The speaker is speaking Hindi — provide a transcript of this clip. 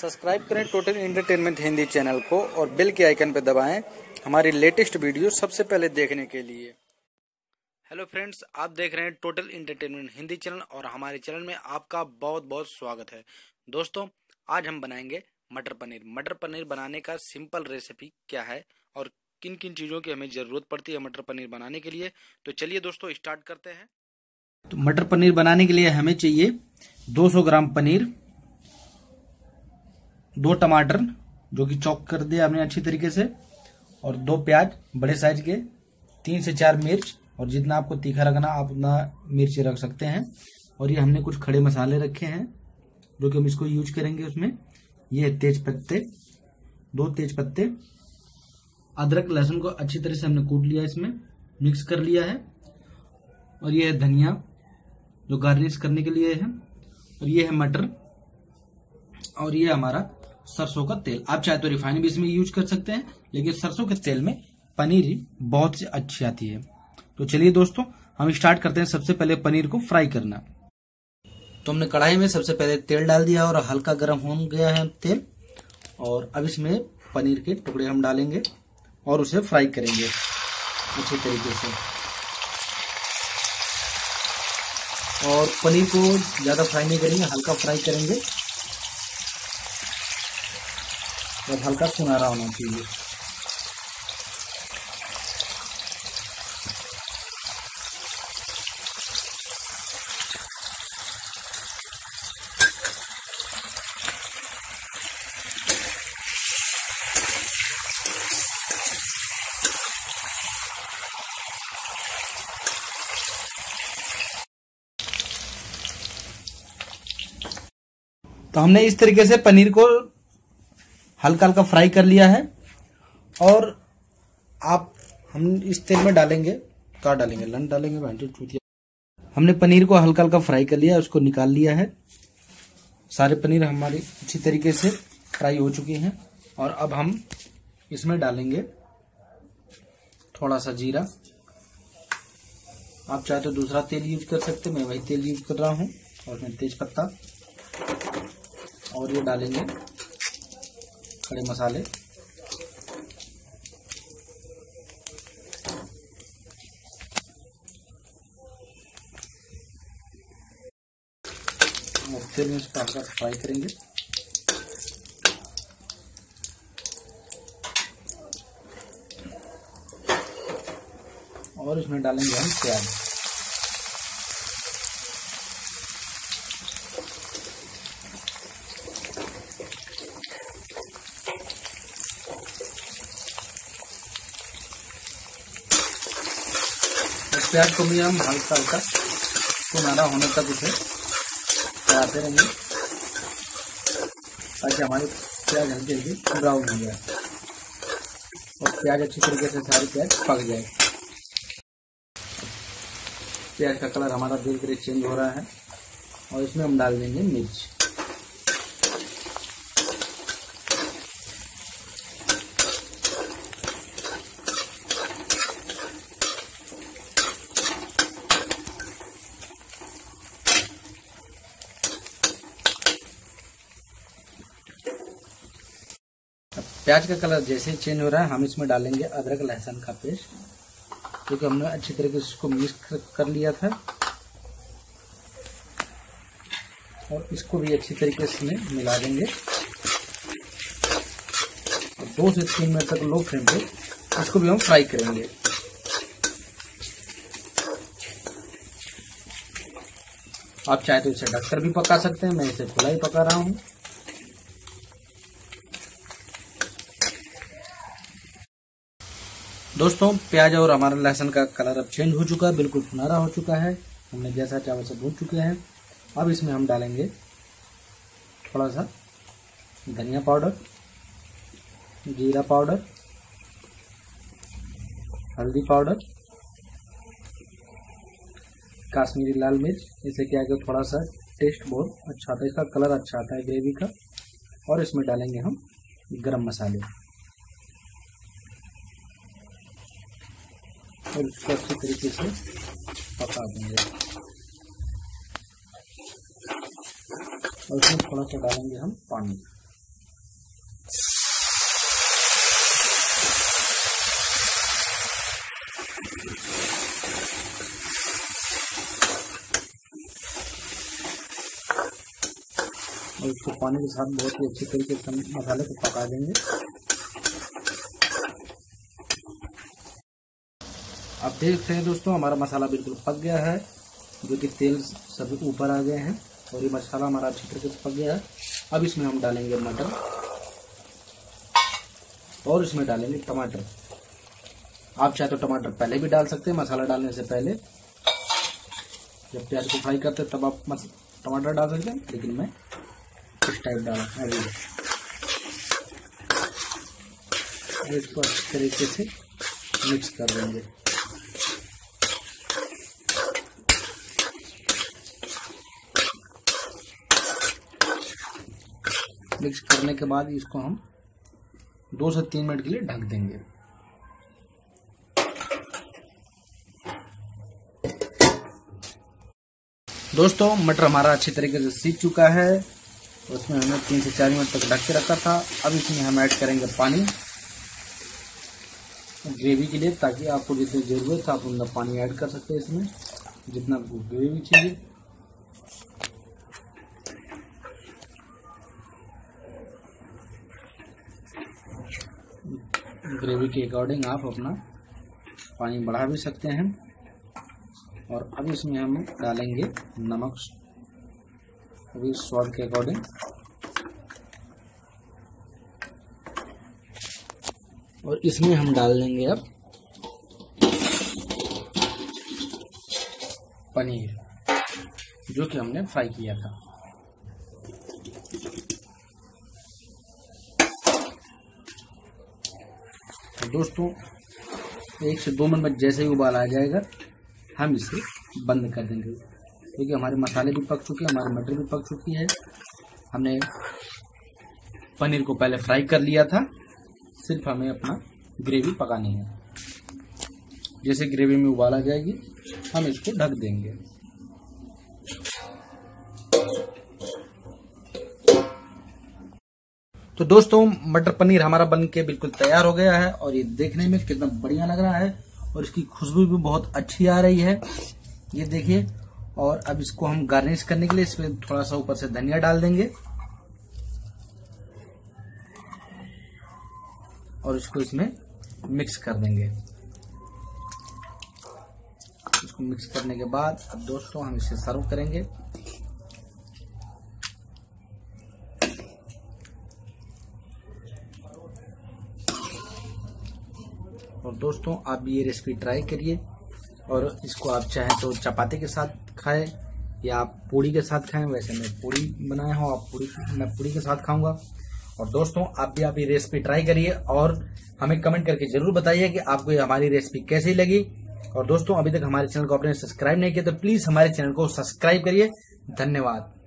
सब्सक्राइब करें टोटल इंटरटेनमेंट हिंदी चैनल को और बेल के आइकन पर दबाएं हमारी लेटेस्ट वीडियो सबसे पहले देखने के लिए हेलो फ्रेंड्स आप देख रहे हैं टोटल इंटरटेनमेंट हिंदी चैनल और हमारे चैनल में आपका बहुत बहुत स्वागत है दोस्तों आज हम बनाएंगे मटर पनीर मटर पनीर बनाने का सिंपल रेसिपी क्या है और किन किन चीज़ों की हमें ज़रूरत पड़ती है मटर पनीर बनाने के लिए तो चलिए दोस्तों स्टार्ट करते हैं तो मटर पनीर बनाने के लिए हमें चाहिए 200 ग्राम पनीर दो टमाटर जो कि चौक कर दिया आपने अच्छी तरीके से और दो प्याज बड़े साइज के तीन से चार मिर्च और जितना आपको तीखा रखना आप उतना मिर्च रख सकते हैं और ये हमने कुछ खड़े मसाले रखे हैं जो कि हम इसको यूज करेंगे उसमें ये तेज पत्ते दो तेज पत्ते अदरक लहसुन को अच्छी तरह से हमने कूट लिया इसमें मिक्स कर लिया है और ये है धनिया जो गार्निश करने के लिए है और ये है मटर और ये हमारा सरसों का तेल आप चाहे तो रिफाइन भी इसमें यूज कर सकते हैं लेकिन सरसों के तेल में पनीर ही बहुत से अच्छी आती है तो चलिए दोस्तों हम स्टार्ट करते हैं सबसे पहले पनीर को फ्राई करना तो हमने कढ़ाई में सबसे पहले तेल डाल दिया और हल्का गर्म हो गया है तेल और अब इसमें पनीर के टुकड़े हम डालेंगे और उसे फ्राई करेंगे अच्छे तरीके से और पनीर को ज़्यादा फ्राई नहीं करेंगे हल्का फ्राई करेंगे और हल्का सुनहरा होना चाहिए तो हमने इस तरीके से पनीर को हल्का हल्का फ्राई कर लिया है और आप हम इस तेल में डालेंगे का डालेंगे लन डालेंगे हमने पनीर को हल्का हल्का फ्राई कर लिया उसको निकाल लिया है सारे पनीर हमारे अच्छी तरीके से फ्राई हो चुके हैं और अब हम इसमें डालेंगे थोड़ा सा जीरा आप चाहे तो दूसरा तेल यूज कर सकते मैं वही तेल यूज कर रहा हूँ और मैं तेज पत्ता और ये डालेंगे खड़े मसाले फिर में इसको हल्का फ्राई करेंगे और इसमें डालेंगे हम प्याज प्याज को भी हम हल्का हल्का सुनहरा होने तक उसे चलाते रहेंगे ताकि हमारी प्याज हल्की हल्की ब्राउन हो जाए और प्याज अच्छी तरीके से सारी प्याज पक जाए प्याज का कलर हमारा धीरे धीरे चेंज हो रहा है और इसमें हम डाल देंगे मिर्च प्याज का कलर जैसे चेंज हो रहा है हम इसमें डालेंगे अदरक लहसुन का पेस्ट क्योंकि हमने अच्छी तरीके से इसको मिक्स कर लिया था और इसको भी अच्छी तरीके से इसमें मिला देंगे और दो से तीन मिनट तक लो फ्लेम पे इसको भी हम फ्राई करेंगे आप चाहे तो इसे ढककर भी पका सकते हैं मैं इसे खुला ही पका रहा हूँ दोस्तों प्याज और हमारा लहसुन का कलर अब चेंज हो चुका है बिल्कुल सुनहरा हो चुका है हमने जैसा चावल से भून चुके हैं अब इसमें हम डालेंगे थोड़ा सा धनिया पाउडर जीरा पाउडर हल्दी पाउडर काश्मीरी लाल मिर्च इसे क्या कि थोड़ा सा टेस्ट बहुत अच्छा आता है इसका कलर अच्छा आता है ग्रेवी का और इसमें डालेंगे हम गरम मसाले और इसको अच्छे तरीके से पका देंगे और इसमें थोड़ा सा डालेंगे हम पानी और इसको पानी के साथ बहुत ही अच्छे तरीके से मसाले को पका देंगे अब देख रहे हैं दोस्तों हमारा मसाला बिल्कुल पक गया है जो कि तेल सभी ऊपर आ गए हैं और ये मसाला हमारा अच्छी तरीके से पक गया है अब इसमें हम डालेंगे मटर और इसमें डालेंगे टमाटर आप चाहे तो टमाटर पहले भी डाल सकते हैं मसाला डालने से पहले जब प्याज को फ्राई करते तब आप टमाटर डाल सकते हैं लेकिन मैं इस टाइप डाला अभी इसको अच्छी तरीके से मिक्स कर देंगे मिक्स करने के बाद इसको हम दो से तीन मिनट के लिए ढक देंगे दोस्तों मटर हमारा अच्छी तरीके से सीख चुका है उसमें हमने तीन से चार मिनट तक ढक के रखा था अब इसमें हम ऐड करेंगे पानी ग्रेवी के लिए ताकि आपको जितनी ज़रूरत है आप उतना पानी ऐड कर सकते हैं इसमें जितना ग्रेवी चाहिए ग्रेवी के अकॉर्डिंग आप अपना पानी बढ़ा भी सकते हैं और अब इसमें हम डालेंगे नमक अभी स्वाद के अकॉर्डिंग और इसमें हम डाल देंगे अब पनीर जो कि हमने फ्राई किया था दोस्तों एक से दो मिनट में जैसे ही उबाल आ जाएगा हम इसे बंद कर देंगे क्योंकि हमारे मसाले भी पक चुके हैं हमारे मटर भी पक चुकी है हमने पनीर को पहले फ्राई कर लिया था सिर्फ हमें अपना ग्रेवी पकानी है जैसे ग्रेवी में उबाला जाएगी हम इसको ढक देंगे तो दोस्तों मटर पनीर हमारा बन के बिल्कुल तैयार हो गया है और ये देखने में कितना बढ़िया लग रहा है और इसकी खुशबू भी बहुत अच्छी आ रही है ये देखिए और अब इसको हम गार्निश करने के लिए इसमें थोड़ा सा ऊपर से धनिया डाल देंगे और इसको इसमें मिक्स कर देंगे इसको मिक्स करने के बाद अब दोस्तों हम इसे सर्व करेंगे दोस्तों आप ये रेसिपी ट्राई करिए और इसको आप चाहें तो चपाती के साथ खाएं या आप पूड़ी के साथ खाएं वैसे मैं पूड़ी बनाया हूँ आप पूड़ी मैं पूड़ी के साथ खाऊंगा और दोस्तों आप भी आप ये रेसिपी ट्राई करिए और हमें कमेंट करके जरूर बताइए कि आपको ये हमारी रेसिपी कैसी लगी और दोस्तों अभी तक हमारे चैनल को आपने सब्सक्राइब नहीं किया तो प्लीज हमारे चैनल को सब्सक्राइब करिए धन्यवाद